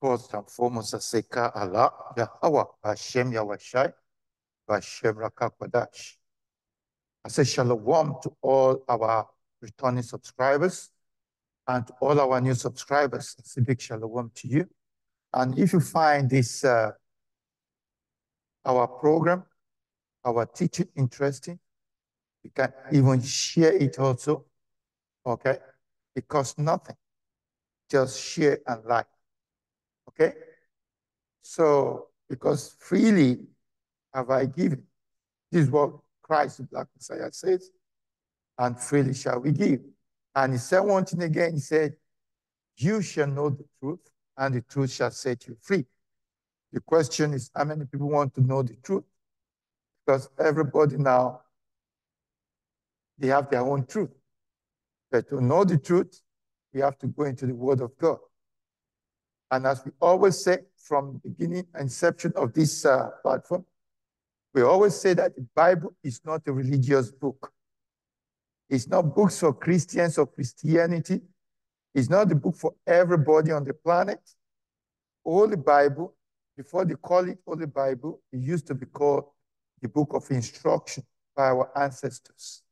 first and foremost, I say, Ka Allah, Hashem, Hashem, Rakakwadash. I say, Shalom to all our returning subscribers and to all our new subscribers. I a big shalom to you. And if you find this, uh, our program, our teaching interesting, you can even share it also, okay? It costs nothing. Just share and like. Okay? So, because freely have I given. This is what Christ, the Black Messiah, says, and freely shall we give. And he said one thing again, he said, You shall know the truth, and the truth shall set you free. The question is, how many people want to know the truth? Because everybody now, they have their own truth. But to know the truth, we have to go into the Word of God. And as we always say from the beginning, inception of this uh, platform, we always say that the Bible is not a religious book. It's not books for Christians or Christianity. It's not the book for everybody on the planet. Holy Bible, before they call it Holy Bible, it used to be called the book of instruction by our ancestors.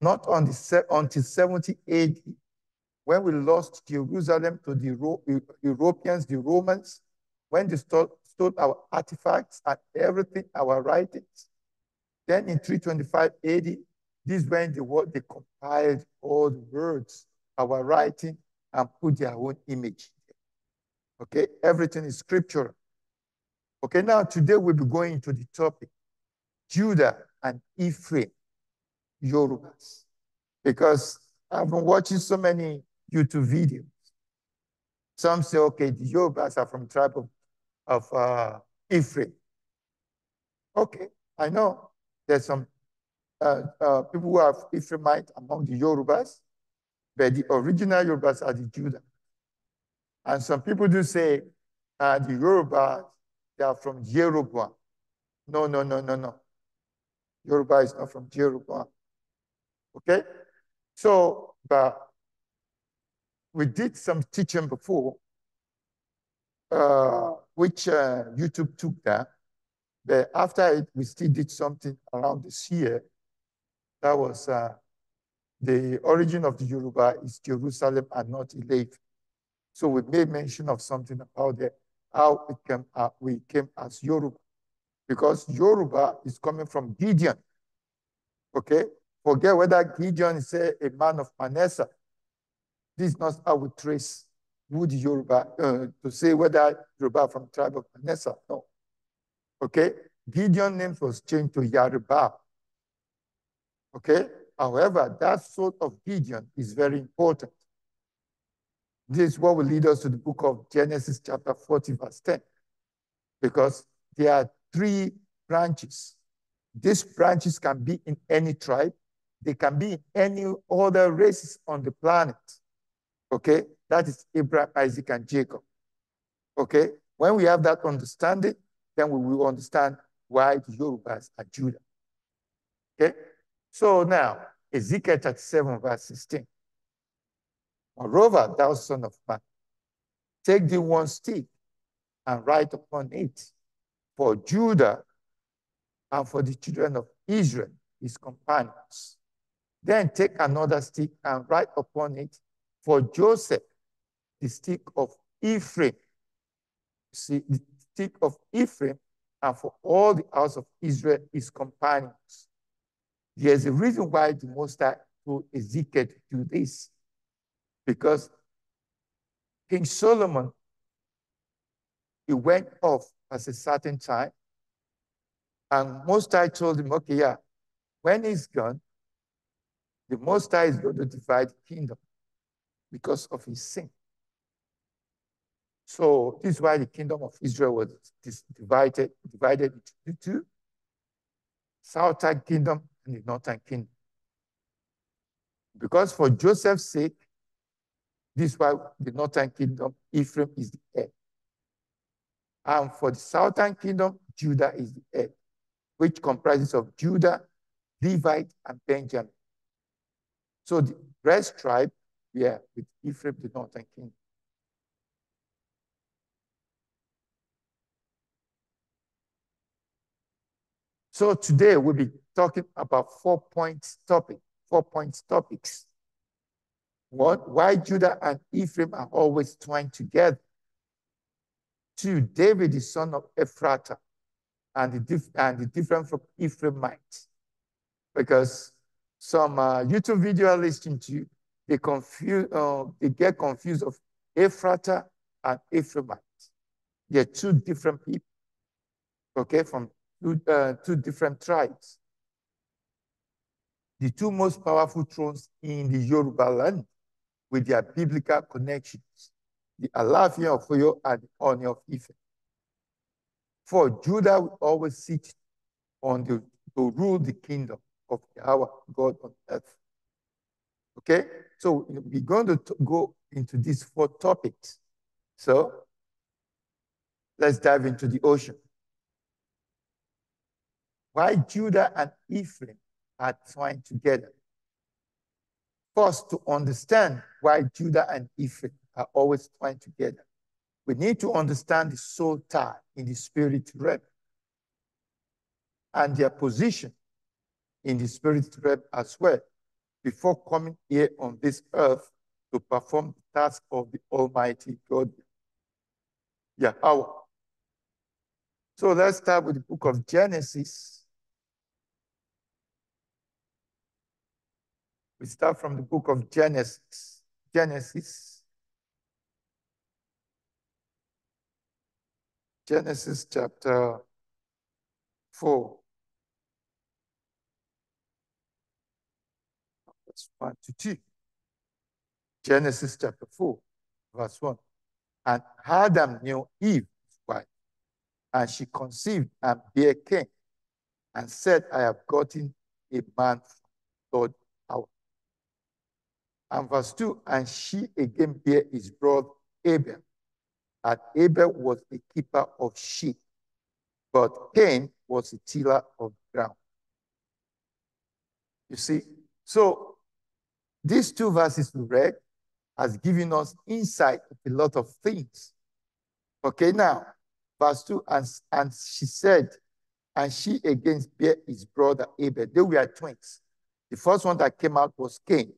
Not on the, until 70 AD when we lost Jerusalem to the Europeans, the Romans, when they stole, stole our artifacts and everything, our writings. Then in 325 AD, this when the world they compiled all the words, our writing, and put their own image. Okay, everything is scripture. Okay, now today we'll be going to the topic Judah and Ephraim, Yorubas, because I've been watching so many YouTube videos. Some say, okay, the Yorubas are from tribe of, of uh, Okay, I know there's some uh, uh, people who are Ephraimite among the Yorubas, but the original Yorubas are the Judah. And some people do say uh, the Yorubas, they are from Jeroboam. No, no, no, no, no. Yoruba is not from Jeroboam. Okay? So, but we did some teaching before, uh, which uh, YouTube took that. But after it, we still did something around this year. That was uh, the origin of the Yoruba is Jerusalem and not Elave. So we made mention of something about the, how it came we came as Yoruba. Because Yoruba is coming from Gideon. Okay? Forget whether Gideon is a, a man of Manasseh this is not how we trace Wood Yoruba uh, to say whether Yoruba from tribe of Manessa. No. Okay. Gideon name was changed to Yaruba. Okay. However, that sort of Gideon is very important. This is what will lead us to the book of Genesis, chapter 40, verse 10, because there are three branches. These branches can be in any tribe, they can be in any other races on the planet. Okay, that is Abraham, Isaac, and Jacob. Okay, when we have that understanding, then we will understand why the Yorubas are Judah. Okay, so now Ezekiel 37, verse 16. Moreover, thou son of man, take thee one stick and write upon it for Judah and for the children of Israel, his companions. Then take another stick and write upon it for Joseph, the stick of Ephraim, see, the stick of Ephraim, and for all the house of Israel, his companions. There's a reason why the Most High told Ezekiel to do this, because King Solomon, he went off at a certain time, and Most High told him, okay, yeah, when he's gone, the Most High is going to divide the kingdom because of his sin. So this is why the kingdom of Israel was divided, divided into two, southern kingdom and the northern kingdom. Because for Joseph's sake, this is why the northern kingdom, Ephraim is the heir. And for the southern kingdom, Judah is the heir, which comprises of Judah, Levite, and Benjamin. So the rest tribe yeah, with Ephraim, the northern king. So today we'll be talking about four points topic, four points topics. What? Why Judah and Ephraim are always twined together. Two, David, the son of Ephratah, and the, dif- and the different from Ephraimites, Because some uh, YouTube video I listened to they confuse, uh, they get confused of Ephrata and Ephraimite. They're two different people, okay, from two, uh, two different tribes. The two most powerful thrones in the Yoruba land with their biblical connections, the Alafia of Oyo and the Oni of Ife. For Judah will always sit on the, to rule the kingdom of our God on earth. Okay? So we're going to go into these four topics. So let's dive into the ocean. Why Judah and Ephraim are twined together. First, to understand why Judah and Ephraim are always twined together, we need to understand the soul tie in the spirit realm and their position in the spirit realm as well before coming here on this earth to perform the task of the Almighty God, Yahweh. So let's start with the book of Genesis. We start from the book of Genesis. Genesis. Genesis chapter 4. verse 1 to 2. Genesis chapter 4, verse 1. And Adam knew Eve, his wife, and she conceived and bare Cain, and said, I have gotten a man from God out. And verse 2, and she again bare his brother Abel. And Abel was a keeper of sheep, but Cain was a tiller of ground. You see, so these two verses we read has given us insight of a lot of things. Okay, now, verse 2, and, and she said, and she again bare his brother Abel. They were twins. The first one that came out was Cain,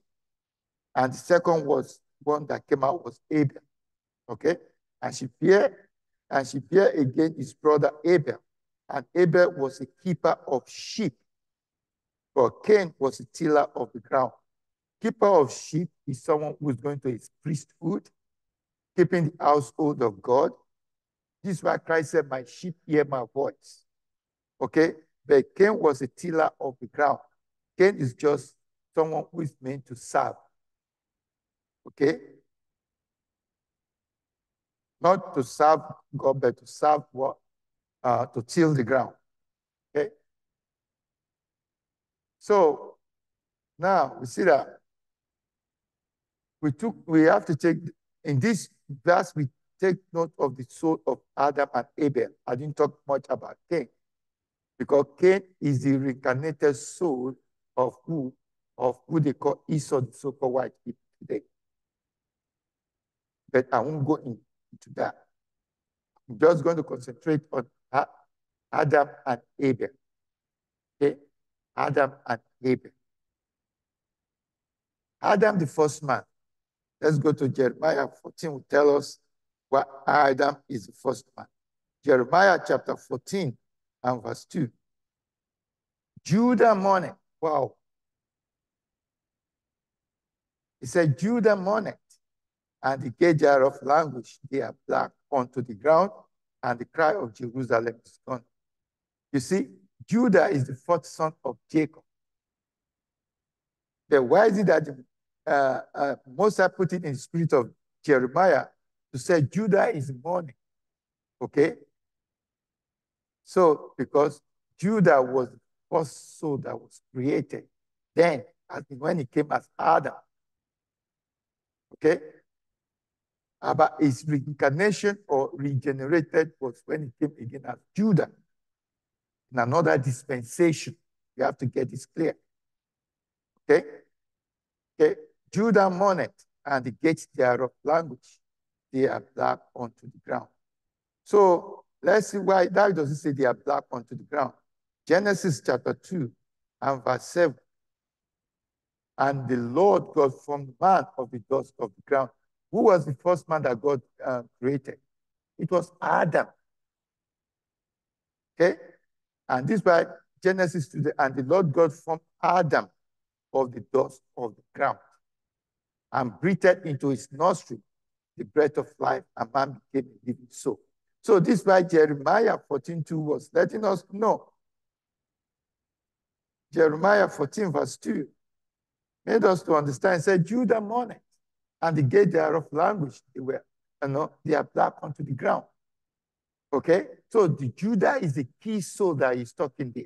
and the second was one that came out was Abel. Okay, and she bare, and she bare again his brother Abel, and Abel was a keeper of sheep, but Cain was a tiller of the ground. Keeper of sheep is someone who's going to his priesthood, keeping the household of God. This is why Christ said, My sheep hear my voice. Okay? But Cain was a tiller of the ground. Cain is just someone who is meant to serve. Okay? Not to serve God, but to serve what? Uh, to till the ground. Okay? So now we see that we took, we have to take, in this class, we take note of the soul of Adam and Abel. I didn't talk much about Cain because Cain is the reincarnated soul of who, of who they call Esau, the so-called white people today. But I won't go into that. I'm just going to concentrate on Adam and Abel. Okay? Adam and Abel. Adam, the first man, Let's go to Jeremiah 14, will tell us why Adam is the first man. Jeremiah chapter 14 and verse 2. Judah mourned. Wow. He said, Judah mourned, and the gauger of language they are black onto the ground, and the cry of Jerusalem is gone. You see, Judah is the fourth son of Jacob. The why is it that the uh, uh, Moses put it in the spirit of Jeremiah to say Judah is mourning. Okay? So, because Judah was the first soul that was created, then as when he came as Adam. Okay? About his reincarnation or regenerated was when he came again as Judah. In another dispensation, you have to get this clear. Okay? Okay? Judah mourned, and the gates thereof language. They are black unto the ground. So let's see why that doesn't say they are black unto the ground. Genesis chapter 2 and verse 7. And the Lord God formed man of the dust of the ground. Who was the first man that God uh, created? It was Adam. Okay? And this by Genesis two and the Lord God formed Adam of the dust of the ground and breathed into his nostril the breath of life, and man became a living soul. So this is why Jeremiah 14.2 was letting us know. Jeremiah 14 verse 2 made us to understand, said, Judah mourned, and the gate thereof language They were, you know, they are black onto the ground. Okay? So the Judah is the key soul that is talking there.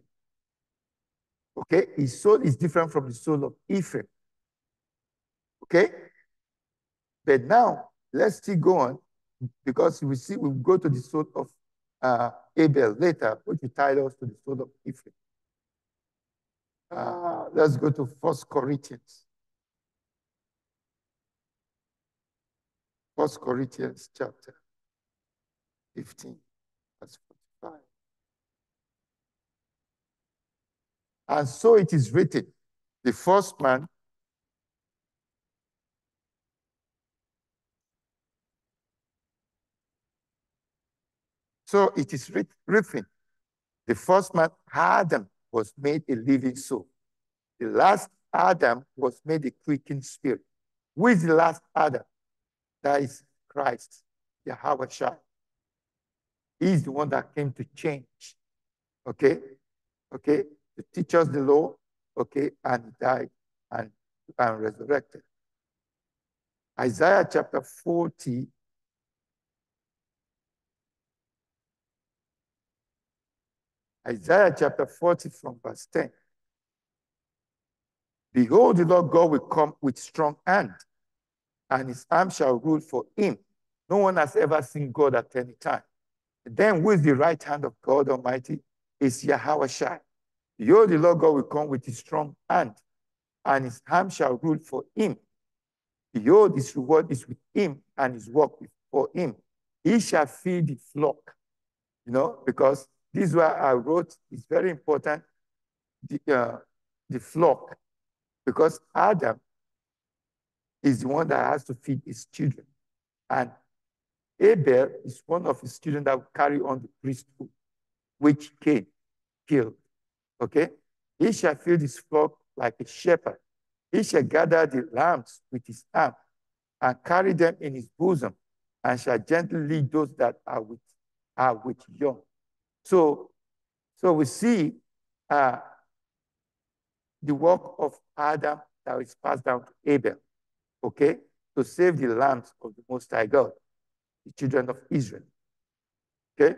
Okay? His soul is different from the soul of Ephraim. Okay? But now, let's still go on because we see we go to the sword of uh, Abel later, which will tie us to the sword of Ephraim. Uh, let's go to First Corinthians. First Corinthians chapter 15, verse 45. And so it is written, the first man So it is written, the first man, Adam, was made a living soul. The last Adam was made a quickening spirit. Who is the last Adam? That is Christ, the He He's the one that came to change. Okay? Okay? To teach us the law. Okay? And died and, and resurrected. Isaiah chapter 40, Isaiah chapter 40 from verse 10. Behold, the Lord God will come with strong hand, and his arm shall rule for him. No one has ever seen God at any time. Then with the right hand of God Almighty is Yahweh Shai. Behold, the Lord God will come with his strong hand, and his arm shall rule for him. Behold, his reward is with him, and his work before him. He shall feed the flock. You know, because this is why I wrote, it's very important, the, uh, the flock, because Adam is the one that has to feed his children. And Abel is one of his children that will carry on the priesthood, which Cain killed. Okay? He shall feed his flock like a shepherd. He shall gather the lambs with his arm and carry them in his bosom, and shall gently lead those that are with, are with young. So, so we see uh, the work of Adam that is passed down to Abel, okay, to save the land of the Most High God, the children of Israel, okay?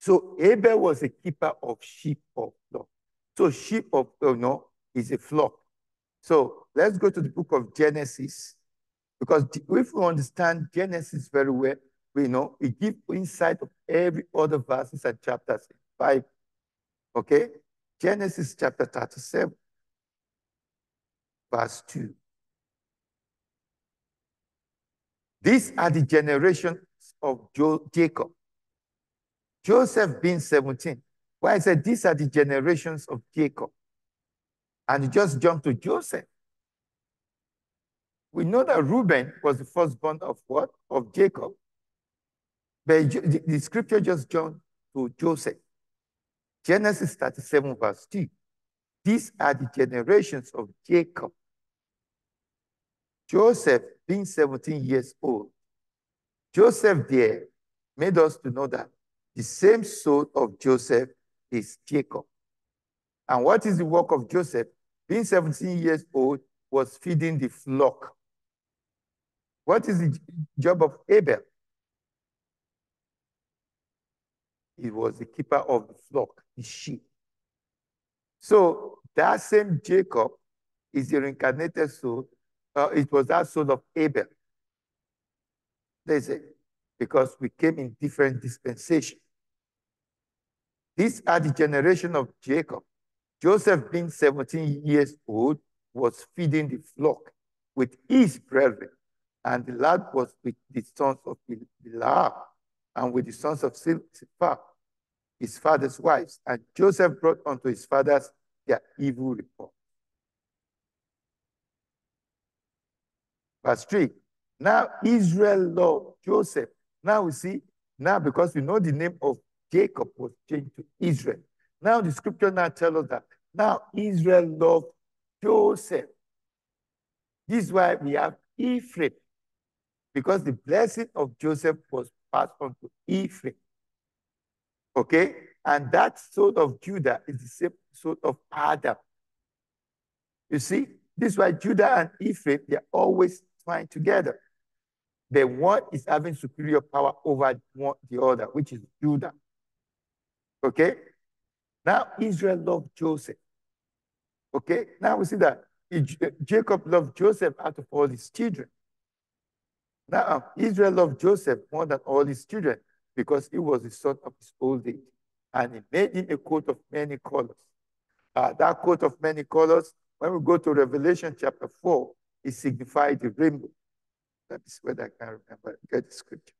So Abel was a keeper of sheep of flock. So sheep of, you know is a flock. So let's go to the book of Genesis, because if we understand Genesis very well, we know it gives insight of every other verses and chapters Five, Okay? Genesis chapter 37, verse 2. These are the generations of jo Jacob. Joseph being 17. Why I said these are the generations of Jacob. And just jump to Joseph. We know that Reuben was the firstborn of what? Of Jacob. But the, scripture just joined to Joseph. Genesis 37, verse 2. These are the generations of Jacob. Joseph, being 17 years old, Joseph there made us to know that the same soul of Joseph is Jacob. And what is the work of Joseph? Being 17 years old, was feeding the flock. What is the job of Abel? He was the keeper of the flock, the sheep. So that same Jacob is the reincarnated soul. Uh, it was that soul of Abel. They say, because we came in different dispensation. These are the generation of Jacob. Joseph, being 17 years old, was feeding the flock with his brethren, and the lad was with the sons of Bilhah, and with the sons of Siphar, his father's wives. And Joseph brought unto his fathers their evil report. Verse 3. Now Israel loved Joseph. Now we see, now because we know the name of Jacob was changed to Israel. Now the scripture now tells us that now Israel loved Joseph. This is why we have Ephraim, because the blessing of Joseph was passed on to Ephraim. Okay? And that sort of Judah is the same sort of Adam. You see, this is why Judah and Ephraim, they're always trying together. The one is having superior power over the other, which is Judah. Okay? Now Israel loved Joseph. Okay? Now we see that Jacob loved Joseph out of all his children. Now, Israel loved Joseph more than all his children because he was the son of his old age. And he made him a coat of many colors. Uh, that coat of many colors, when we go to Revelation chapter 4, it signifies the rainbow. That is where I can remember. Get the scripture.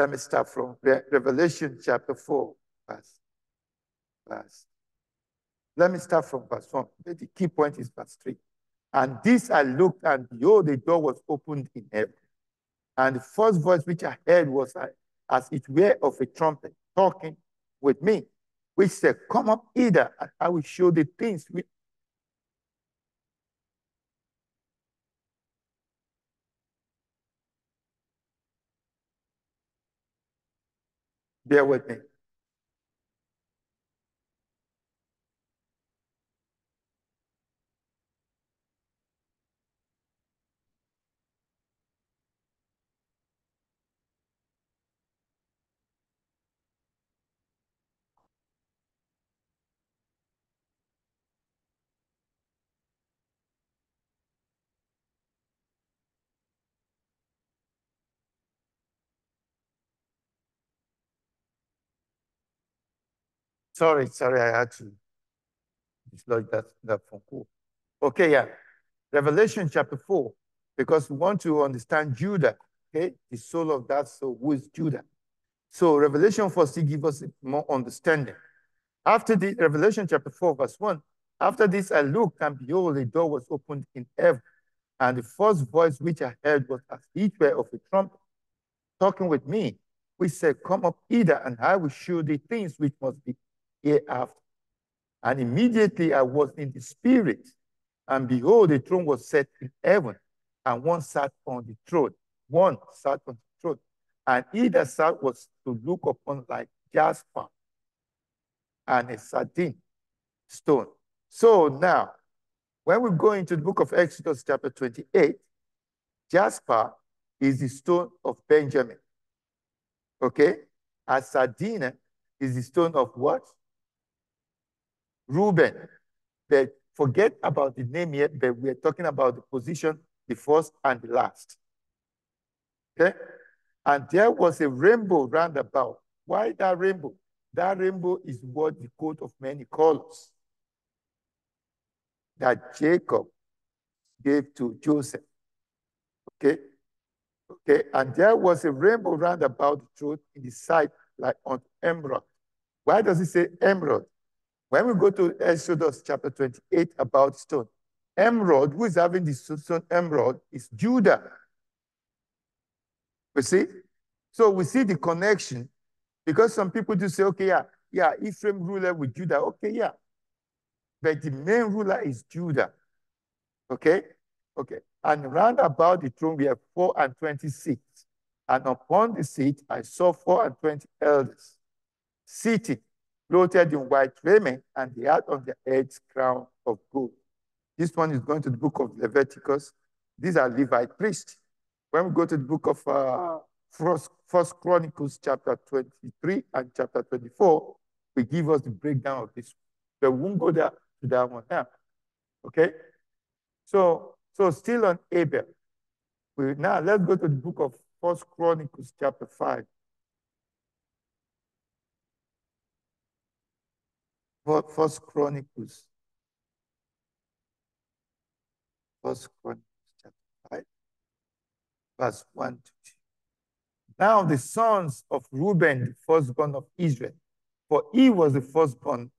Let me start from Re Revelation chapter 4, verse, verse. Let me start from verse 1. The key point is verse 3. And this I looked, and behold, the door was opened in heaven. And the first voice which I heard was uh, as it were of a trumpet talking with me, which said, Come up hither, and I will show the things Bear with me. Sorry, sorry, I had to dislodge that, that from four. Okay, yeah. Revelation chapter four, because we want to understand Judah, okay? The soul of that soul, who is Judah? So Revelation 4 still gives us more understanding. After the Revelation chapter 4, verse 1, after this I looked, and behold, the door was opened in heaven. And the first voice which I heard was as it were of a trumpet, talking with me, which said, Come up hither, and I will show thee things which must be hereafter. And immediately I was in the spirit, and behold, a throne was set in heaven, and one sat on the throne. One sat on the throne, and he that sat was to look upon like jasper and a sardine stone. So now, when we go into the book of Exodus, chapter 28, jasper is the stone of Benjamin. Okay? a sardine is the stone of what? Reuben. But forget about the name yet. but we are talking about the position, the first and the last. Okay? And there was a rainbow roundabout. Why that rainbow? That rainbow is what the coat of many colors that Jacob gave to Joseph. Okay? Okay, and there was a rainbow round about the throne in the side, like on emerald. Why does it say emerald? When we go to Exodus chapter 28 about stone, Emerald, who is having the stone emerald, is Judah. You see? So we see the connection because some people do say, okay, yeah, yeah, Ephraim ruler with Judah. Okay, yeah. But the main ruler is Judah. Okay? Okay. And round about the throne, we have four and twenty-six, And upon the seat, I saw four and twenty elders seated clothed in white raiment, and they had on their heads crown of gold. This one is going to the book of Leviticus. These are Levite priests. When we go to the book of uh, First, First Chronicles, chapter 23 and chapter 24, we give us the breakdown of this. But we won't go there to that one now. Okay? So, so still on Abel. We, now let's go to the book of First Chronicles, chapter 5. First Chronicles. First Chronicles chapter 5, verse 1 to 2. Now the sons of Reuben, the firstborn of Israel, for he was the firstborn,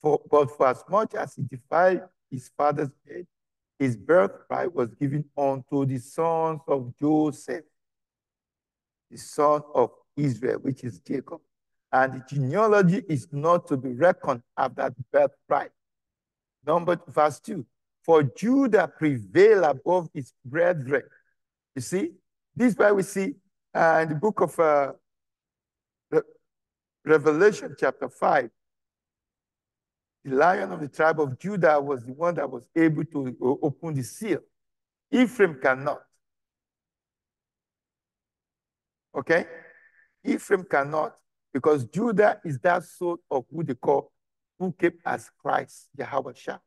for, but for as much as he defiled his father's bed, his birthright was given unto the sons of Joseph, the son of Israel, which is Jacob and genealogy is not to be reckoned at that birthright. Number verse 2 For Judah prevailed above his brethren. You see, this is why we see uh, in the book of uh, Re Revelation, chapter 5, the lion of the tribe of Judah was the one that was able to open the seal. Ephraim cannot. Okay? Ephraim cannot. Because Judah is that sort of who they call, who came as Christ, Yahweh Shah,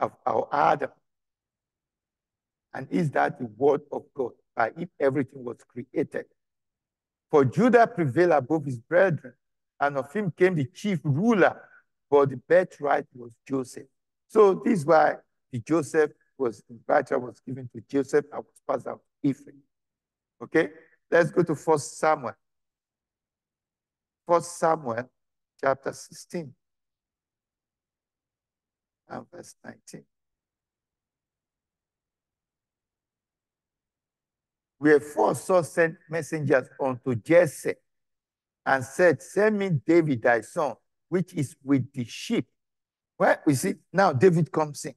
of our Adam. And is that the word of God by if everything was created? For Judah prevailed above his brethren, and of him came the chief ruler, For the birthright was Joseph. So this is why the Joseph was the birthright was given to Joseph and was passed out Ephraim. Okay, let's go to First Samuel First Samuel chapter 16 and verse 19. Wherefore Saul sent messengers unto Jesse and said, Send me David thy son, which is with the sheep. we see Now David comes in,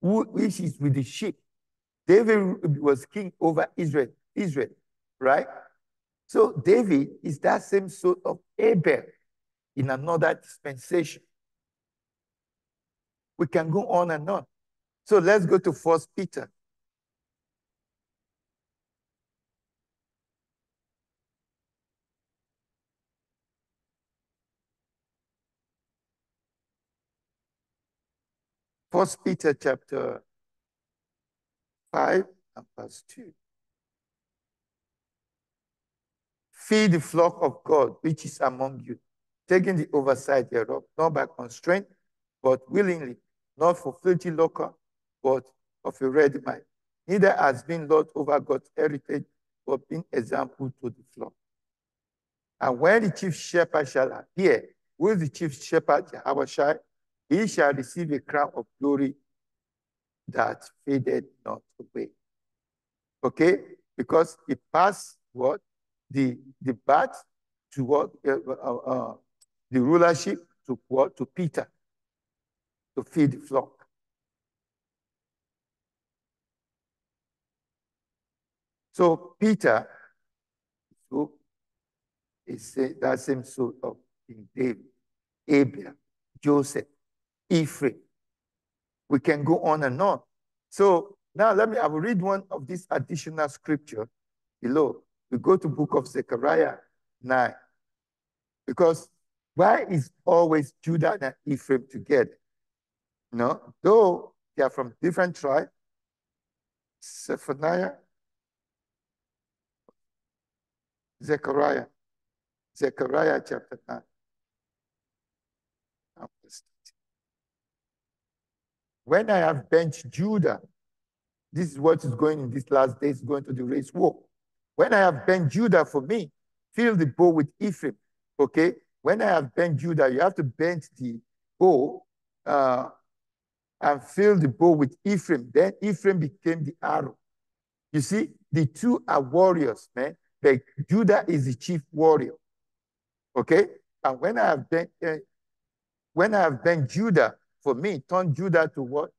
which is with the sheep. David was king over Israel, Israel, right? So David is that same sort of Abel in another dispensation. We can go on and on. So let's go to First Peter. First Peter chapter 5 and verse 2. Feed the flock of God which is among you, taking the oversight thereof, not by constraint, but willingly, not for filthy lucre, but of a ready mind. Neither has been Lord over God's heritage, but been example to the flock. And when the chief shepherd shall appear, who is the chief shepherd Jehovah he shall receive a crown of glory that faded not away. Okay? Because it passed what? the, the bat to what? Uh, uh, uh, the rulership to what? To Peter, to feed the flock. So Peter, so is that same sort of in David, Abraham, Joseph, Ephraim. We can go on and on. So now let me, I will read one of these additional scripture below. We go to book of Zechariah 9. Because why is always Judah and Ephraim together? No, though they are from different tribes. Zephaniah, Zechariah, Zechariah chapter 9. When I have benched Judah, this is what is going in these last days, going to the race war. When I have bent Judah for me, fill the bow with Ephraim. Okay? When I have bent Judah, you have to bend the bow uh, and fill the bow with Ephraim. Then Ephraim became the arrow. You see, the two are warriors, man. Like Judah is the chief warrior. Okay? And when I have bent, uh, when I have bent Judah, for me, turn Judah to what?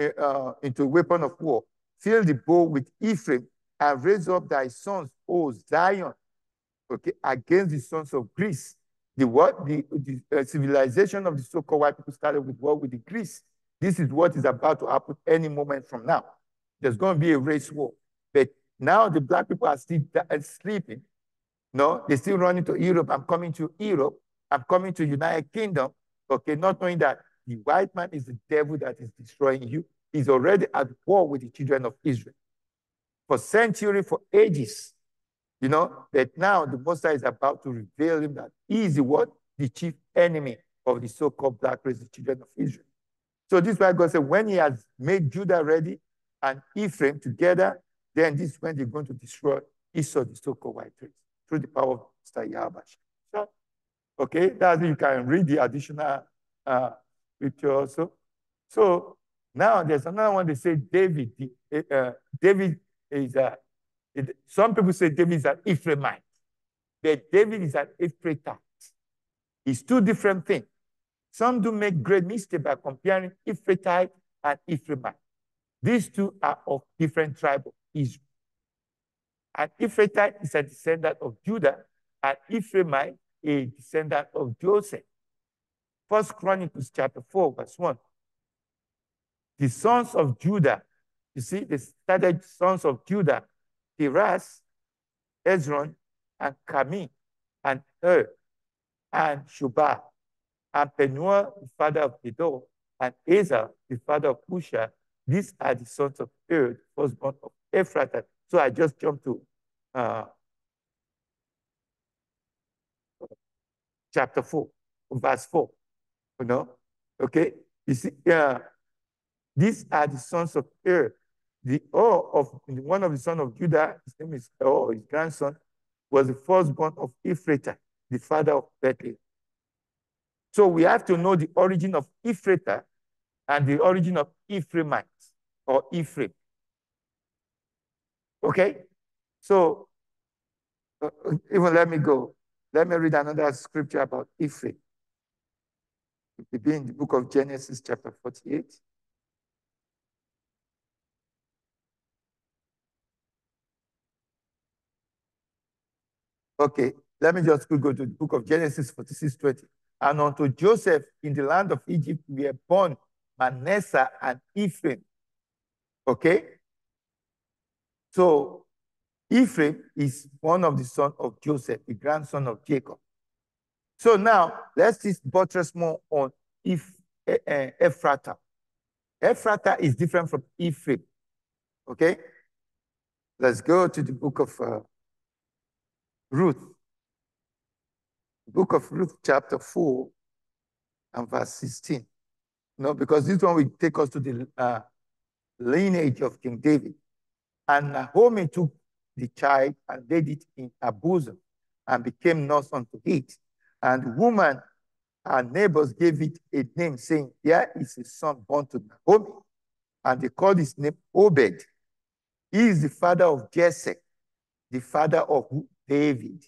Uh, uh into a weapon of war. Fill the bow with Ephraim. And raise up thy sons, O Zion, okay, against the sons of Greece. The what the, the uh, civilization of the so-called white people started with war with the Greece. This is what is about to happen any moment from now. There's going to be a race war. But now the black people are still uh, sleeping. No, they're still running to Europe. I'm coming to Europe. I'm coming to United Kingdom. Okay, not knowing that the white man is the devil that is destroying you. He's already at war with the children of Israel for centuries, for ages. You know, that now the Most is about to reveal him that he is the what? The chief enemy of the so-called black race, the children of Israel. So this is why God said, when he has made Judah ready and Ephraim together, then this is when they're going to destroy Esau, the so-called white race, through the power of Mr. So, Okay, that's you can read the additional uh, scripture also. So now there's another one they say David, uh, David is a, it, some people say David is an Ephraimite, but David is an Ephraimite. It's two different things. Some do make great mistake by comparing Ephraimite and Ephraimite. These two are of different tribes of Israel. And Ephraimite is a descendant of Judah, and Ephraimite a descendant of Joseph. First Chronicles chapter 4, verse 1. The sons of Judah you see, they started sons of Judah, Tiras, Ezron, and Kami, and Er, and Shubah, and Penuel, the father of Gedor, and Asa, the father of Usha. These are the sons of Er, the firstborn of Ephrathah. So I just jumped to uh, chapter 4, verse 4. You know? Okay? You see, uh, these are the sons of Er, the oh of one of the son of Judah, his name is oh his grandson, was the firstborn of Ephratah, the father of Bethlehem. So we have to know the origin of Ephratah and the origin of Ephraimites or Ephraim. Okay? So, uh, uh, even let me go. Let me read another scripture about Ephraim. It will be in the book of Genesis, chapter 48. Okay, let me just go to the book of Genesis 46, 20. And unto Joseph in the land of Egypt were born Manasseh and Ephraim. Okay? So Ephraim is one of the son of Joseph, the grandson of Jacob. So now let's just buttress more on if, uh, uh, eh, eh, Ephrata. Ephrata is different from Ephraim. Okay? Let's go to the book of uh, Ruth. Book of Ruth, chapter 4 and verse 16. No, because this one will take us to the uh, lineage of King David. And Naomi took the child and laid it in her bosom and became nurse unto it. And woman, her neighbors gave it a name, saying, There is a son born to Naomi. And they called his name Obed. He is the father of Jesse, the father of David.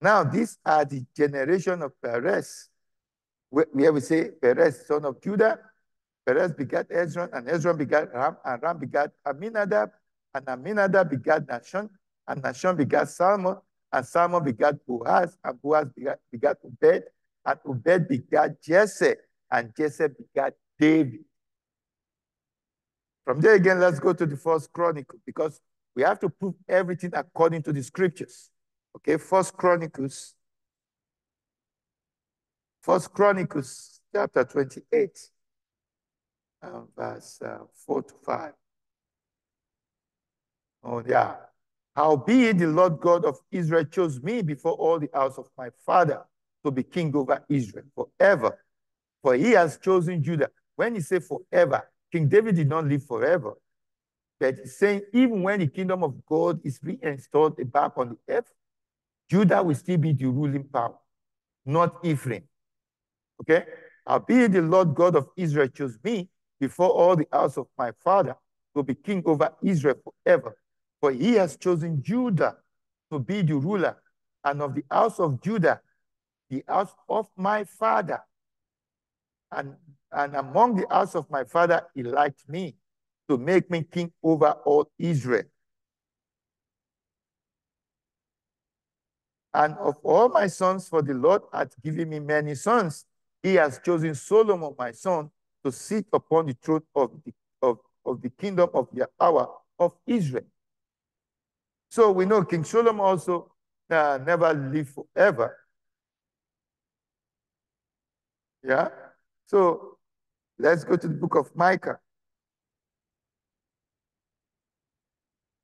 Now, these are the generation of Perez, where we say Perez, son of Judah. Perez begat Ezron, and Ezron begat Ram, and Ram begat Aminadab, and Aminadab begat Nashon, and Nashon begat Salmon, and Salmon begat Boaz, and Boaz begat, begat Obed, and Obed begat Jesse, and Jesse begat David. From there again, let's go to the first chronicle because we have to prove everything according to the scriptures. Okay, First Chronicles, First Chronicles chapter 28, um, verse uh, 4 to 5. Oh, yeah. Howbeit the Lord God of Israel chose me before all the house of my father to be king over Israel forever. For he has chosen Judah. When he said forever, King David did not live forever but saying even when the kingdom of God is reinstated back on the earth, Judah will still be the ruling power, not Ephraim. Okay? I be the Lord God of Israel chose me before all the house of my father to be king over Israel forever. For he has chosen Judah to be the ruler, and of the house of Judah, the house of my father. And, and among the house of my father, he liked me to make me king over all Israel. And of all my sons, for the Lord hath given me many sons, he has chosen Solomon, my son, to sit upon the throne of the, of, of the kingdom of the hour of Israel. So we know King Solomon also uh, never lived forever. Yeah? So let's go to the book of Micah.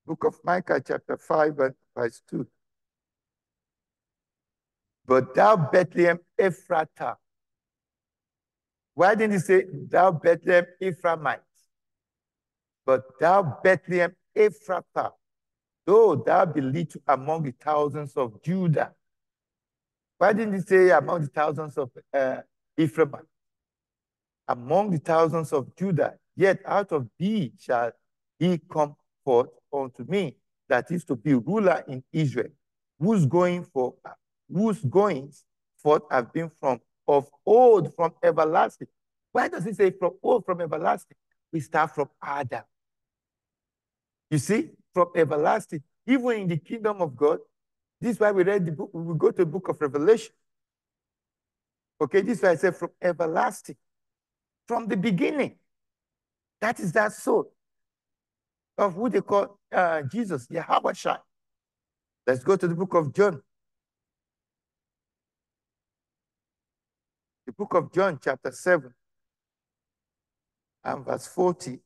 book of Micah, chapter 5, and verse 2. But thou Bethlehem Ephratah. Why didn't he say thou Bethlehem Ephraimite? But thou Bethlehem Ephratah, though thou be little among the thousands of Judah. Why didn't he say among the thousands of uh, Ephraim? Among the thousands of Judah, yet out of thee shall he come forth unto me, that is to be ruler in Israel, whose going for whose goings forth have been from of old, from everlasting. Why does it say from old, from everlasting? We start from Adam. You see, from everlasting. Even in the kingdom of God, this is why we read the book, we go to the book of Revelation. Okay, this is why I said from everlasting, from the beginning. That is that soul of who they call uh, Jesus, Yahweh Let's go to the book of John. The book of John, chapter 7, and verse 40 to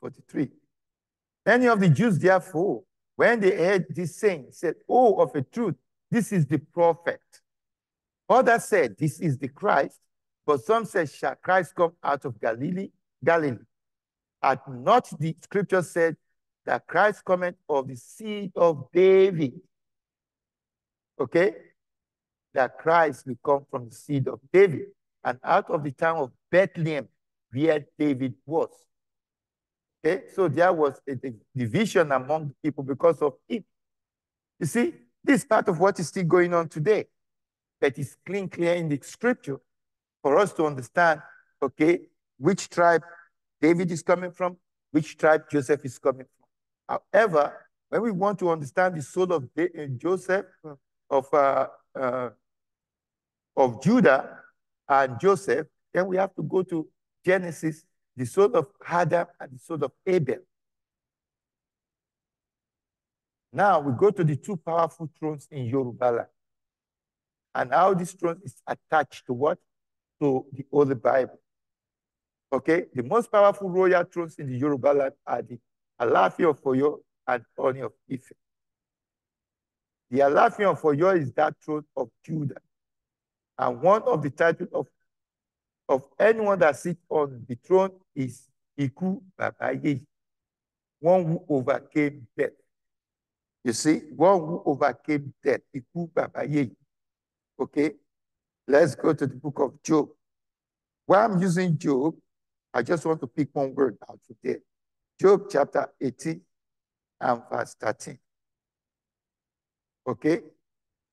43. Many of the Jews, therefore, when they heard this saying, said, Oh, of a truth, this is the prophet. Others said, This is the Christ. But some said, Shall Christ come out of Galilee? Galilee. Had not the scripture said that Christ comment of the seed of David, okay, that Christ will come from the seed of David and out of the town of Bethlehem where David was. Okay, so there was a, a division among the people because of it. You see, this part of what is still going on today that is clean, clear in the scripture for us to understand, okay, which tribe David is coming from, which tribe Joseph is coming from. However, when we want to understand the soul of eh, Joseph, uh, of, uh, uh, of Judah and Joseph, then we have to go to Genesis, the soul of Adam and the soul of Abel. Now we go to the two powerful thrones in Yoruba land. And how this throne is attached to what? To the Holy Bible. Okay, the most powerful royal thrones in the Yoruba land are the Alaafin of Oyo and Ooni of Ife. The Alaafin of Oyo is that throne of Judah, and one of the titles of of anyone that sits on the throne is Iku Babaye, one who overcame death. You see, one who overcame death, Iku Babaye. Okay, let's go to the book of Job. Why I'm using Job I just want to pick one word out today. Job chapter 18 and verse 13. Okay?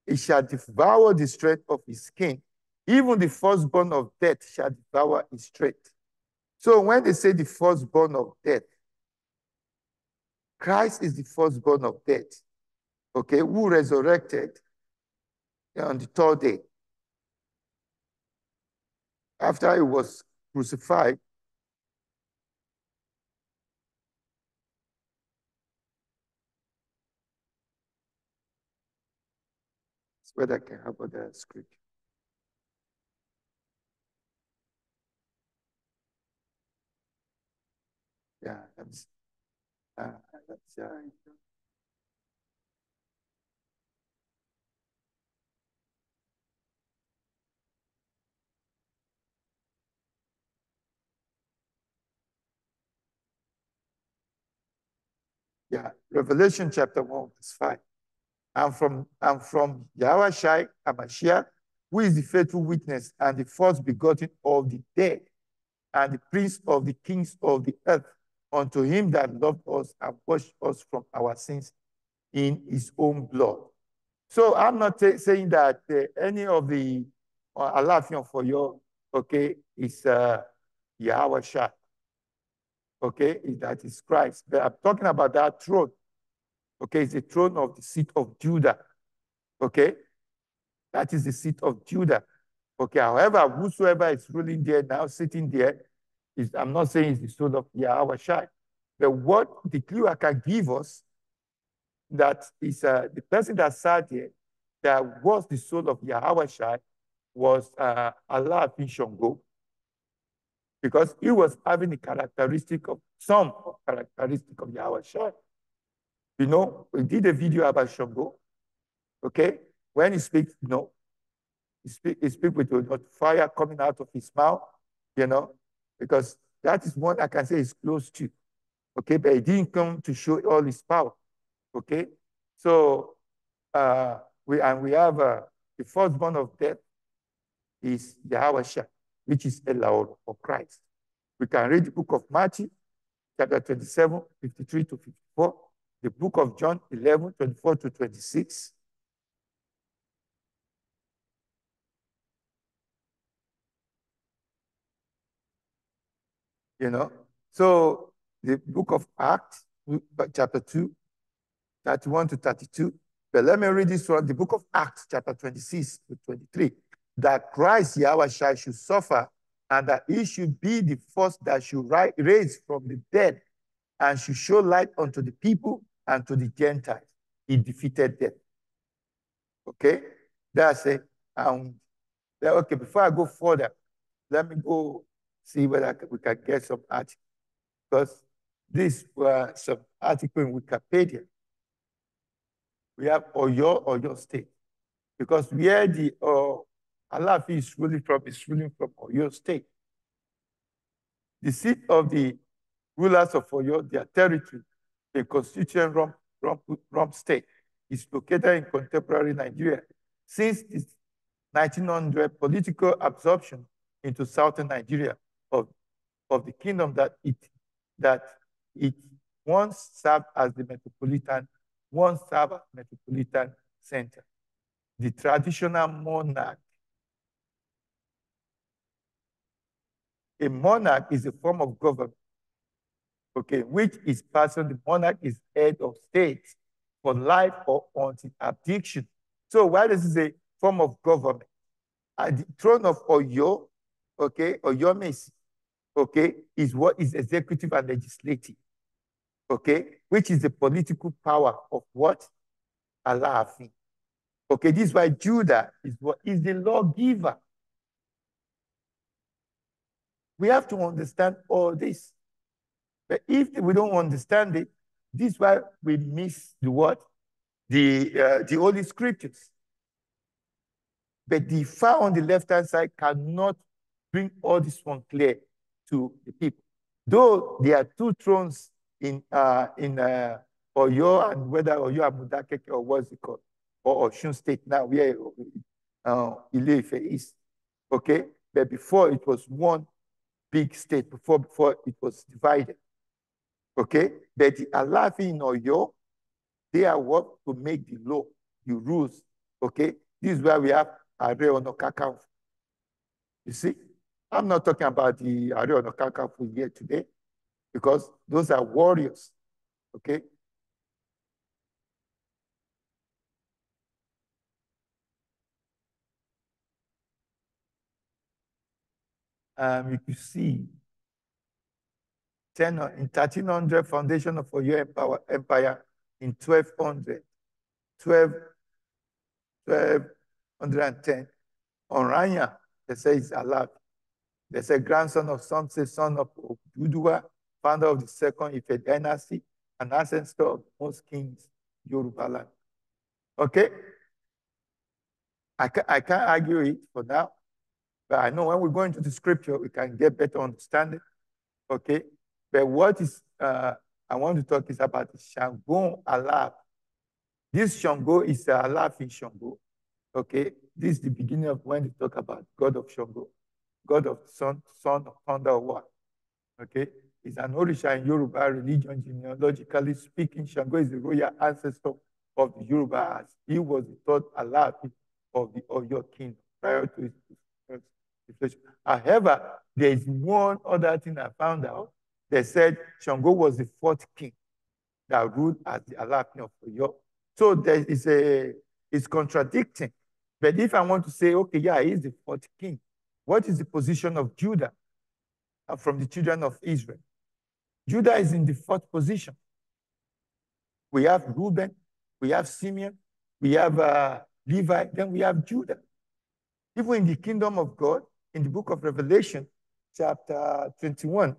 It shall devour the strength of his king. Even the firstborn of death shall devour his strength. So when they say the firstborn of death, Christ is the firstborn of death. Okay, who resurrected on the third day. After he was crucified, whether I can help with the scripture. Yeah, that's, uh, that's, Yeah, Revelation chapter 1, verse 5 and from, and from Yahushai Amashiach, who is the faithful witness and the first begotten of the dead, and the prince of the kings of the earth, unto him that loved us and washed us from our sins in his own blood. So I'm not saying that uh, any of the uh, Alafion for you, okay, is uh, Yahushua. Okay, that is Christ. But I'm talking about that throne Okay, it's the throne of the seat of Judah. Okay, that is the seat of Judah. Okay, however, whosoever is ruling there now, sitting there, is, I'm not saying it's the soul of Yahweh Shai, but what the clue I can give us that is uh, the person that sat there that was the soul of Yahweh Shai was uh, Allah Pishongo, because he was having the characteristic of some characteristic of Yahweh Shai. You know, we did a video about Shango, okay? When he speaks, you know, he speaks he speak with a fire coming out of his mouth, you know, because that is one I can say is close to, okay? But he didn't come to show all his power, okay? So, uh, we, and we have uh, the firstborn of death is Yahawasha, which is Elaor or Christ. We can read the book of Matthew, chapter 27, 53 to 54, the book of John 11, 24 to 26. You know, so the book of Acts, chapter 2, 31 to 32. But let me read this from the book of Acts, chapter 26 to 23. That Christ Yahweh should suffer and that he should be the first that should rise from the dead and should show light unto the people and to the Gentiles. He defeated them. Okay? That's it. Um, that, okay, before I go further, let me go see whether we can get some article. Because these were uh, some article in Wikipedia. We have Oyo, Oyo State. Because where the uh, Alafi is ruling from, is ruling from Oyo State. The seat of the rulers of Oyo, their territory, a constituent Rom, Rom, state, is located in contemporary Nigeria. Since the 1900 political absorption into southern Nigeria of, of the kingdom that it, that it once served as the metropolitan, once served as metropolitan center. The traditional monarch. A monarch is a form of government okay, which is person, the monarch is head of state for life or until abdiction. So while this is a form of government, at the throne of Oyo, okay, Oyo Oyomesi, okay, is what is executive and legislative, okay, which is the political power of what? Alaafin. Okay, this is why Judah is what is the lawgiver. We have to understand all this. But if we don't understand it, this is why we miss the what? The, uh, the Holy Scriptures. But the far on the left-hand side cannot bring all this one clear to the people. Though there are two thrones in uh, in uh, Oyo and whether Oyo Abudakeke or what's it called, or Oshun State now, where uh, Ileife is. Okay? But before it was one big state, before, before it was divided. Okay? But the Alafi in Oyo, they are what to make the law, the rules. Okay? This is where we have Are Onokakafu. You see? I'm not talking about the Are Onokakafu here today because those are warriors. Okay? Um, you can see 10, in 1300, foundation of Oyo Empire, Empire in 1200, 12, 1210. Oranya, they say is alive. They say grandson of Samson, son of Udua, founder of the second Ife dynasty, and ancestor of most kings, Yoruba land. Okay? I, I can't argue it for now, but I know when we go into the scripture, we can get better understanding. Okay? But what is uh, I want to talk is about Shango Alaf. This Shango is the in Shango. Okay, this is the beginning of when we talk about God of Shango, God of Sun, Sun of Thunder what? Okay, is an Orisha in Yoruba religion, genealogically speaking. Shango is the royal ancestor of the Yoruba as he was the third Alaf of the of your kingdom prior to his deflation. However, there is one other thing I found out they said Shango was the fourth king that ruled as the Allah of Oyo. So there is a, it's contradicting. But if I want to say, okay, yeah, he's the fourth king, what is the position of Judah uh, from the children of Israel? Judah is in the fourth position. We have Reuben, we have Simeon, we have uh, Levi, then we have Judah. Even in the kingdom of God, in the book of Revelation, chapter 21,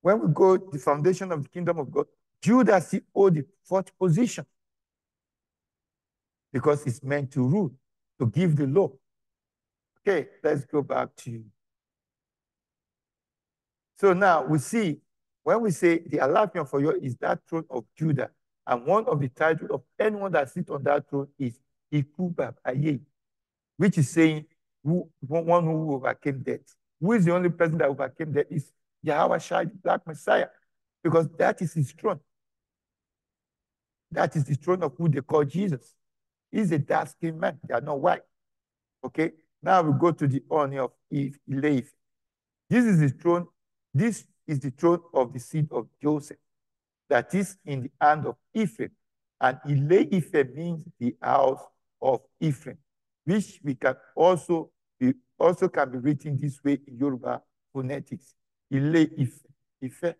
when we go the foundation of the kingdom of God, Judas he owed the fourth position because it's meant to rule, to give the law. Okay, let's go back to. So now we see when we say the alafion for you is that throne of Judah, and one of the titles of anyone that sits on that throne is Ikubab Aye, which is saying who, one who overcame death. Who is the only person that overcame death is Yahweh Shai, the black Messiah, because that is his throne. That is the throne of who they call Jesus. He's a dark skinned man. They are not white. Okay? Now we go to the honor of Eve, Leif. This is the throne. This is the throne of the seed of Joseph that is in the hand of Ephraim. And Ephraim means the house of Ephraim, which we can also be, also can be written this way in Yoruba phonetics. Ile Ife, Ife,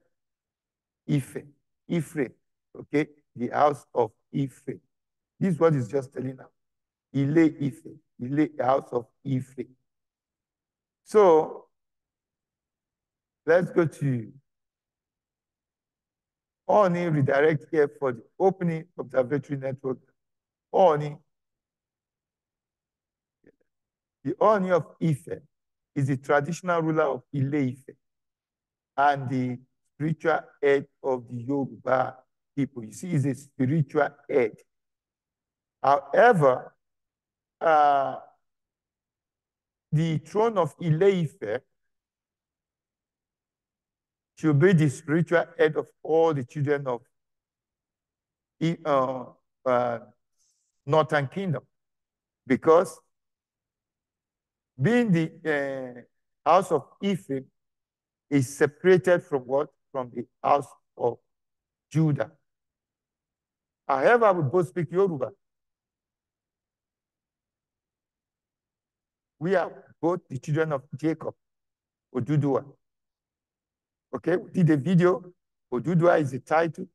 Ife, Ife, okay? The house of Ife. This word is just telling us. Ile Ife, Ile, the house of Ife. So, let's go to Oni redirect here for the opening observatory network. Oni. The Oni of Ife is the traditional ruler of Ile Ife and the spiritual head of the Yoruba people. You see, he's a spiritual head. However, uh, the throne of Ileife should be the spiritual head of all the children of uh, uh, Northern Kingdom. Because being the uh, house of Ephraim is separated from what? From the house of Judah. However, we both speak Yoruba. We are both the children of Jacob, Odudua. Okay, we did a video. Odudua is the title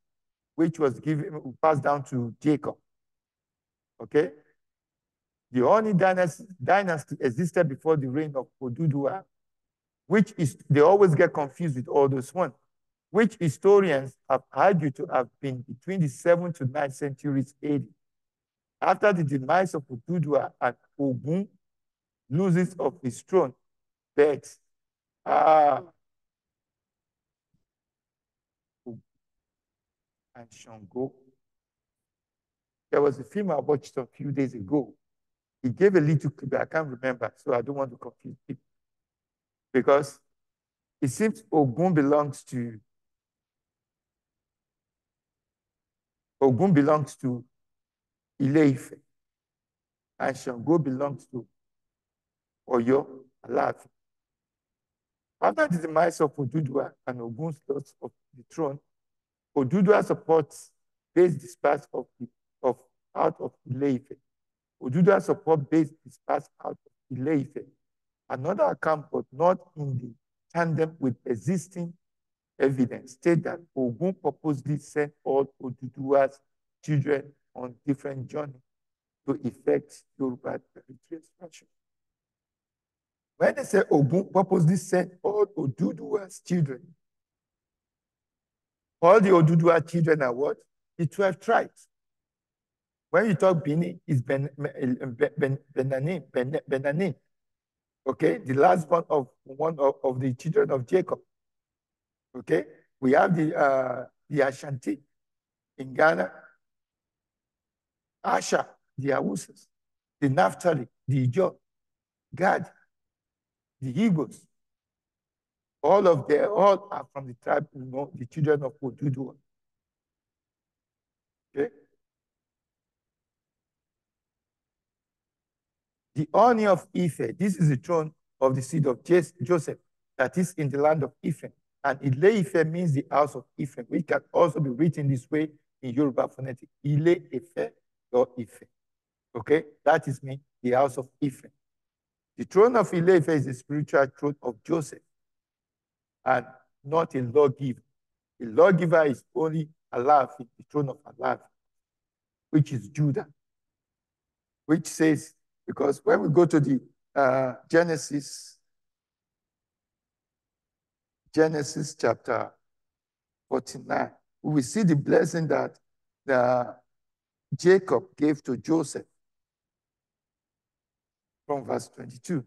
which was given, passed down to Jacob. Okay? The only dynasty, dynasty existed before the reign of Odudua which is, they always get confused with all those ones, which historians have argued to have been between the 7th to 9th centuries AD. After the demise of Ududua and Ogun loses of his throne, but uh, and Shango. There was a film I watched a few days ago. He gave a little clip, I can't remember, so I don't want to confuse people because it seems Ogun belongs to Ogun belongs to Iléife, and Shango belongs to Oyo, Alaafin. After the demise of Odudua and Ogun's loss of the throne, Odudua supports based dispatch of, the, of out of Iléife. Odudua support based dispatch out of Iléife. Another account, but not in the tandem with existing evidence, state that Ogun purposely sent all Oduduwa's children on different journeys to effect Yoruba territory expansion. When they say Ogun purposely sent all Oduduwa's children, all the Oduduwa children are what? The 12 tribes. When you talk Bini, it's Benanim, ben, ben, ben, ben, ben, ben, ben, ben, ben, okay, the last born of one of, of the children of Jacob. Okay, we have the, uh, the Ashanti in Ghana, Asha, the Awusas, the Naphtali, the Ijo, Gad, the Hebrews. All of them, all are from the tribe, you know, the children of Oduduwa. the honor of Ephah. This is the throne of the seed of Joseph that is in the land of Ephah, And Ile Ephah means the house of Ephah. which can also be written this way in Yoruba phonetic. Ile Ife or Ephah. Okay, that is me, the house of Ephah. The throne of Ile Ephah is the spiritual throne of Joseph and not a lawgiver. A lawgiver is only alive in the throne of Allah, which is Judah, which says because when we go to the uh, Genesis, Genesis chapter 49, we see the blessing that the uh, Jacob gave to Joseph from verse 22.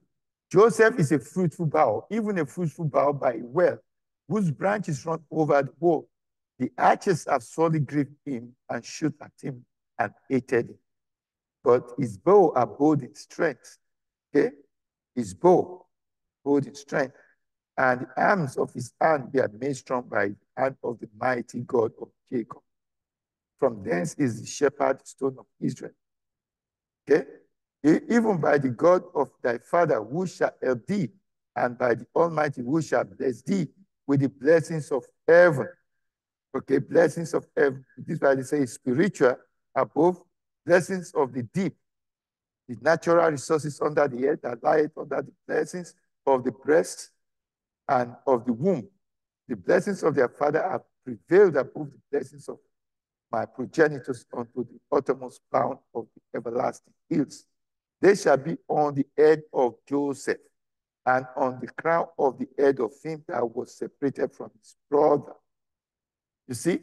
Joseph is a fruitful bough, even a fruitful bough by a well, whose branches run over the wall. The archers have sorely gripped him and shoot at him and hated him. But his bow abode in strength. Okay? His bow abode in strength. And the arms of his hand be made strong by the hand of the mighty God of Jacob. From thence is the shepherd stone of Israel. Okay? Even by the God of thy father who shall help thee, and by the Almighty who shall bless thee with the blessings of heaven. Okay, blessings of heaven. This is why they say spiritual above blessings of the deep, the natural resources under the earth that lie under the blessings of the breast and of the womb. The blessings of their father have prevailed above the blessings of my progenitors unto the uttermost bound of the everlasting hills. They shall be on the head of Joseph and on the crown of the head of him that was separated from his brother. You see?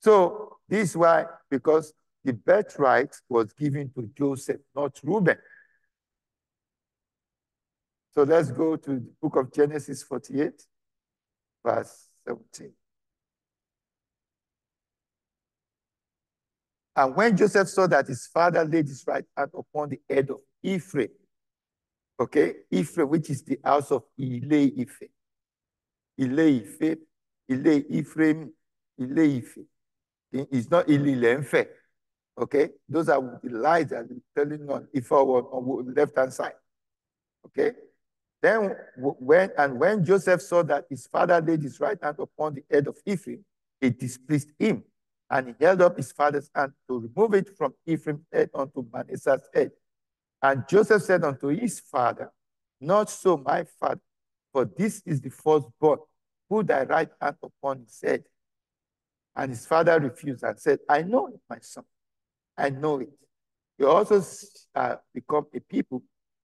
So this is why, because the birthright was given to Joseph, not Reuben. So let's go to the book of Genesis 48, verse 17. And when Joseph saw that his father laid his right hand upon the head of Ephraim, okay, Ephraim, which is the house of Ile Ife, Ile Ife, Ile Ephraim, Ile It's not Ile Lenfe. Okay, those are the lies that I'm telling on if I were on the left hand side. Okay, then when and when Joseph saw that his father laid his right hand upon the head of Ephraim, it displeased him, and he held up his father's hand to remove it from Ephraim's head unto Manasseh's head. And Joseph said unto his father, Not so, my father, for this is the firstborn, put thy right hand upon his head. And his father refused and said, I know it, my son. I know it. You also shall become a people.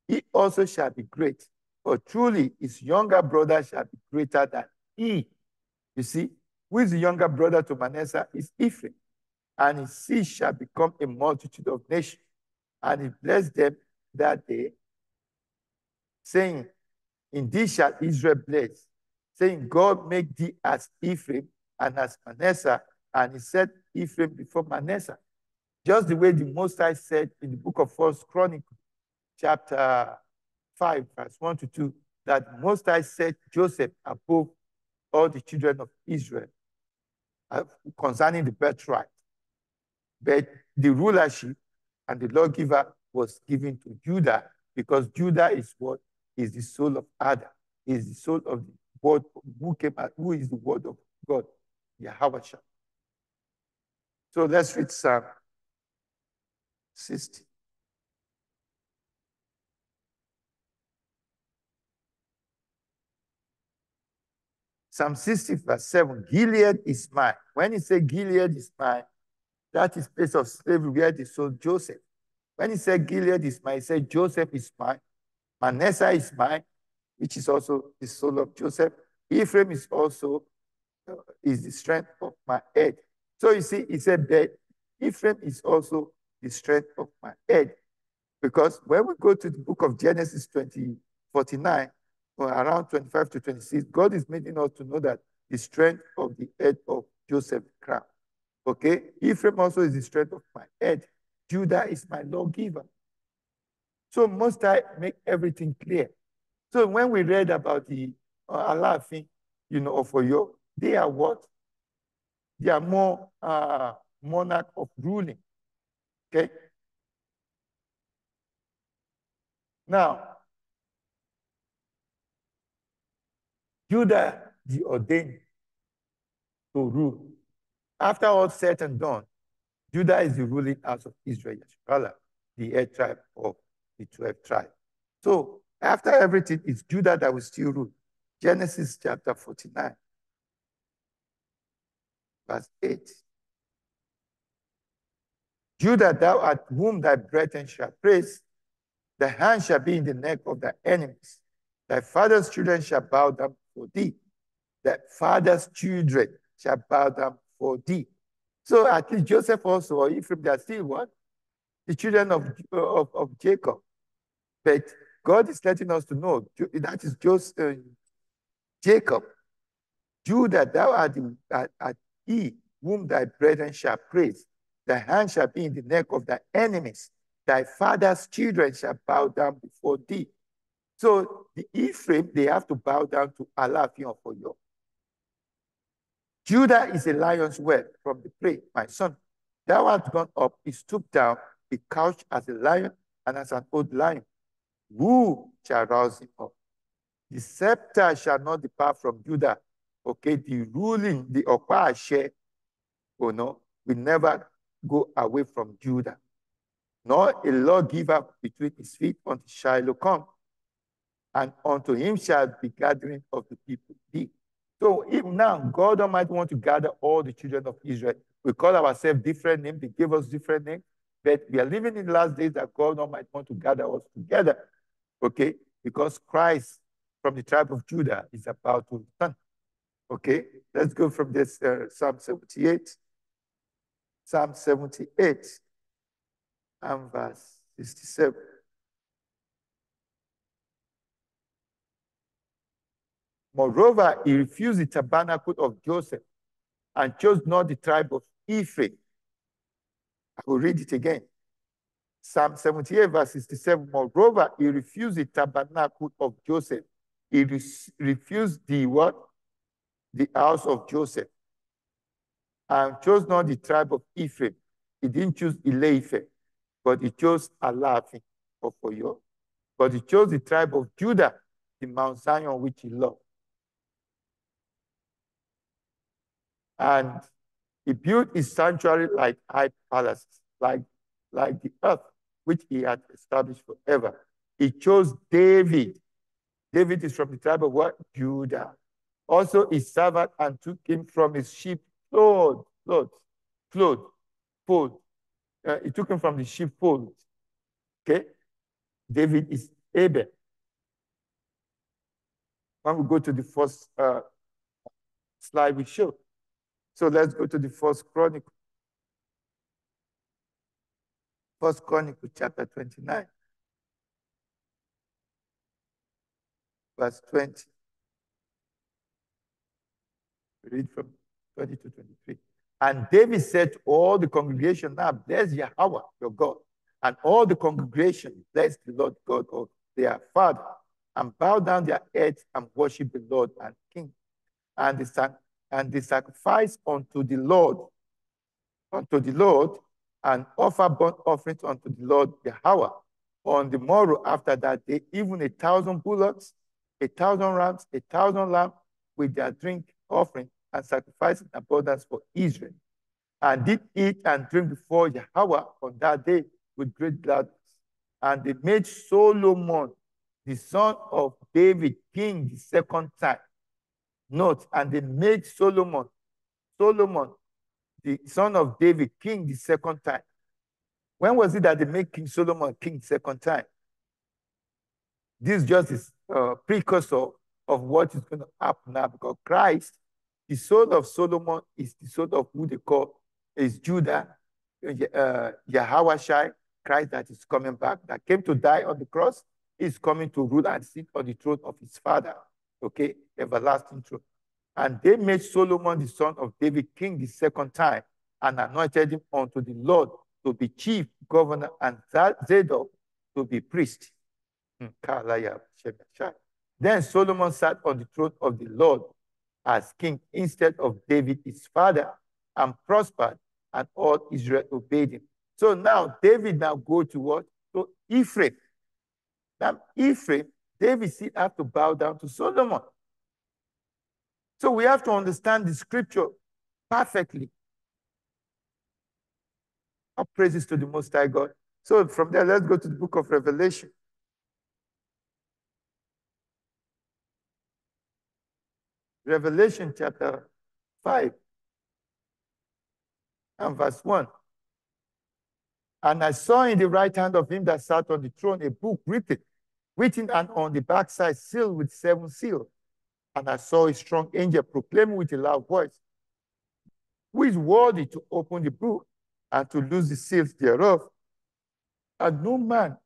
He also shall be great. For truly, his younger brother shall be greater than he. You see, who is the younger brother to Manasseh is Ephraim. And his seed shall become a multitude of nations. And he blessed them that day, saying, Indeed shall Israel bless, saying, God make thee as Ephraim and as Manasseh. And he set Ephraim before Manasseh. Just the way the Most High said in the book of First Chronicle, chapter 5, verse 1 to 2, that Most High said, Joseph above all the children of Israel uh, concerning the birthright. But the rulership and the lawgiver was given to Judah because Judah is what is the soul of Adam, is the soul of the word who came out, who is the word of God, Yahweh. So let's read Psalm 60. Psalm 60 verse 7, Gilead is mine. When he said Gilead is mine, that is place of slavery where they sold Joseph. When he said Gilead is mine, he said Joseph is mine. Manasseh is mine, which is also the soul of Joseph. Ephraim is also uh, is the strength of my head. So you see, he said that Ephraim is also the strength of my head. Because when we go to the book of Genesis 20, 49, or around 25 to 26, God is making us to know that the strength of the head of Joseph crown. Okay? Ephraim also is the strength of my head. Judah is my lawgiver. So must I make everything clear. So when we read about the uh, Alafin, you know, for you, they are what? They are more uh, monarch of ruling. Okay? Now, Judah the ordained to rule. After all said and done, Judah is the ruling house of Israel, Shephala, the head tribe of the 12 tribes. So after everything, it's Judah that will still rule. Genesis chapter 49, verse 8. Judah, thou at whom thy brethren shall praise, thy hand shall be in the neck of thy enemies. Thy father's children shall bow down for thee. Thy father's children shall bow down for thee. So at least Joseph also, or Ephraim, they are still what? The children of, of, of Jacob. But God is letting us to know that is just uh, Jacob. Judah, thou art, the, art, art he whom thy brethren shall praise Thy hand shall be in the neck of thy enemies. Thy father's children shall bow down before thee. So the Ephraim, they have to bow down to Allah for you. Judah is a lion's whelp from the prey, my son. Thou art gone up, he stooped down, he couched as a lion and as an old lion. Who shall rouse him up? The scepter shall not depart from Judah. Okay, the ruling, the upper share, oh no, will never go away from Judah, nor a law give up between his feet until Shiloh come, and unto him shall be gathering of the people be. So even now, God Almighty want to gather all the children of Israel. We call ourselves different names. They gave us different names. But we are living in the last days that God Almighty want to gather us together. Okay? Because Christ from the tribe of Judah is about to return. Okay? Let's go from this uh, Psalm 78. Psalm 78 and verse 67. Moreover, he refused the tabernacle of Joseph and chose not the tribe of Ephraim. I will read it again. Psalm 78, verse 67. Moreover, he refused the tabernacle of Joseph. He refused the what? The house of Joseph and chose not the tribe of Ephraim. He didn't choose Eleife, but he chose Alafi for you. But he chose the tribe of Judah, the Mount Zion which he loved. And he built his sanctuary like high palaces, like, like the earth which he had established forever. He chose David. David is from the tribe of what? Judah. Also, his servant and took him from his sheep load, load, flowed, pulled. Uh, it took him from the fold. Okay? David is Abel. When we go to the first uh, slide we show. So let's go to the first chronicle. First Chronicle chapter 29. Verse 20. Read from 22, 23. And David said to all the congregation, Now bless Yahweh, your God. And all the congregation blessed the Lord God of their father and bow down their heads and worship the Lord and King. And the, and the sacrifice unto the Lord, unto the Lord, and offer burnt offerings unto the Lord Yahweh. On the morrow after that day, even a thousand bullocks, a thousand rams, a thousand lambs with their drink offering and sacrificed in abundance for Israel, and did eat and drink before Yahweh on that day with great gladness. And they made Solomon, the son of David, king the second time. Note, and they made Solomon, Solomon, the son of David, king the second time. When was it that they made King Solomon king the second time? This just is a uh, precursor of what is going to happen now because Christ the son of Solomon is the son of who they call is Judah, uh, uh, Yahawashai, Christ that is coming back, that came to die on the cross, is coming to rule and sit on the throne of his father, okay, everlasting throne. And they made Solomon the son of David king the second time and anointed him unto the Lord to be chief governor and Zadok to be priest. Hmm, then Solomon sat on the throne of the Lord as king instead of David, his father, and prospered, and all Israel obeyed him. So now David now go to what? To Ephraim. Now Ephraim, David still have to bow down to Solomon. So we have to understand the scripture perfectly. All praises to the Most High God. So from there, let's go to the book of Revelation. Revelation chapter 5 and verse 1. And I saw in the right hand of him that sat on the throne a book written, written and on the backside sealed with seven seals. And I saw a strong angel proclaiming with a loud voice, Who is worthy to open the book and to loose the seals thereof? And no man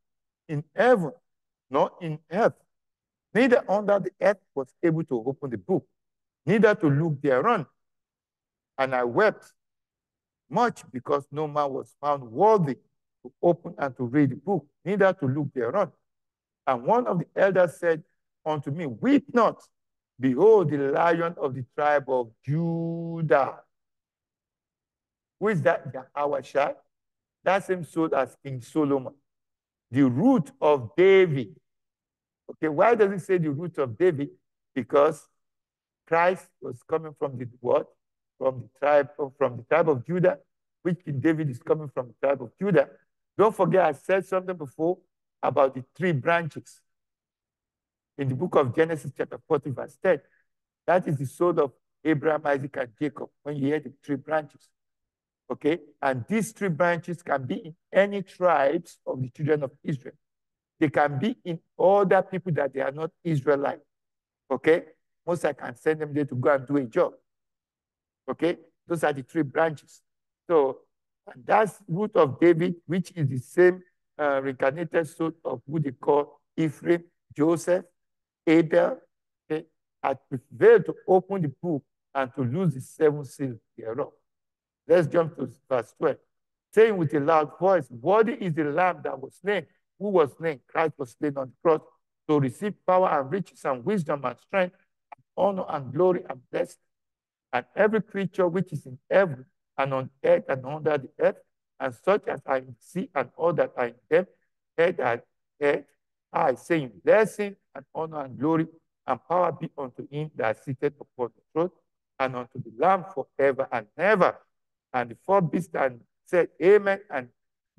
in heaven, nor in earth, neither under the earth was able to open the book neither to look thereon. And I wept much because no man was found worthy to open and to read the book, neither to look thereon. And one of the elders said unto me, Weep not, behold the lion of the tribe of Judah. Who is that? Yahawashai. That same soul as King Solomon. The root of David. Okay, why does it say the root of David? Because Christ was coming from the what? From the tribe of, from the tribe of Judah, which King David is coming from the tribe of Judah. Don't forget, I said something before about the three branches in the book of Genesis, chapter 40, verse 10. That is the soul of Abraham, Isaac, and Jacob when you hear the three branches. Okay? And these three branches can be in any tribes of the children of Israel. They can be in other people that they are not Israelite. Okay? Once I can send them there to go and do a job. Okay? Those are the three branches. So that's root of David, which is the same uh, reincarnated soul of who they call Ephraim, Joseph, Abel, okay, had prevailed to open the book and to lose the seven seals thereof. Let's jump to verse 12. Saying with a loud voice, Worthy is the Lamb that was slain. Who was slain? Christ was slain on the cross to receive power and riches and wisdom and strength honor and glory and blessing. And every creature which is in heaven and on earth and under the earth, and such as I see and all that I am, head and head, I say blessing and honor and glory and power be unto him that is seated upon the throne and unto the Lamb forever and ever. And the four beasts and said, Amen. And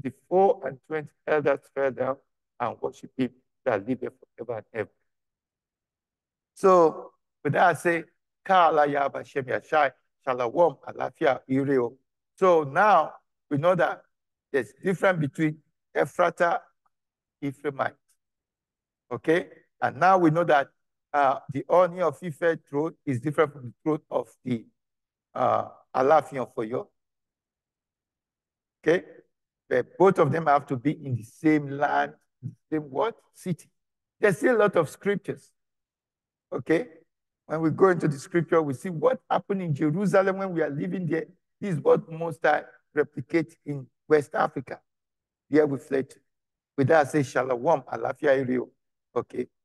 the four and twenty elders fell down and worshiped him that liveth forever and ever. So I say, Ka'alaya Hashem Yashai, Shalom, Alafia, irio." So now we know that there's difference between Ephrata, Ephraimite. Okay? And now we know that uh, the honor of Ife throat is different from the throat of the uh, Alafian Foyo. Okay? But both of them have to be in the same land, the same what? City. There's still a lot of scriptures. Okay? When we go into the scripture, we see what happened in Jerusalem when we are living there. This is what Mosai replicate in West Africa. Here we fled. With that, I say, Shalom, Alafia Irio. Okay.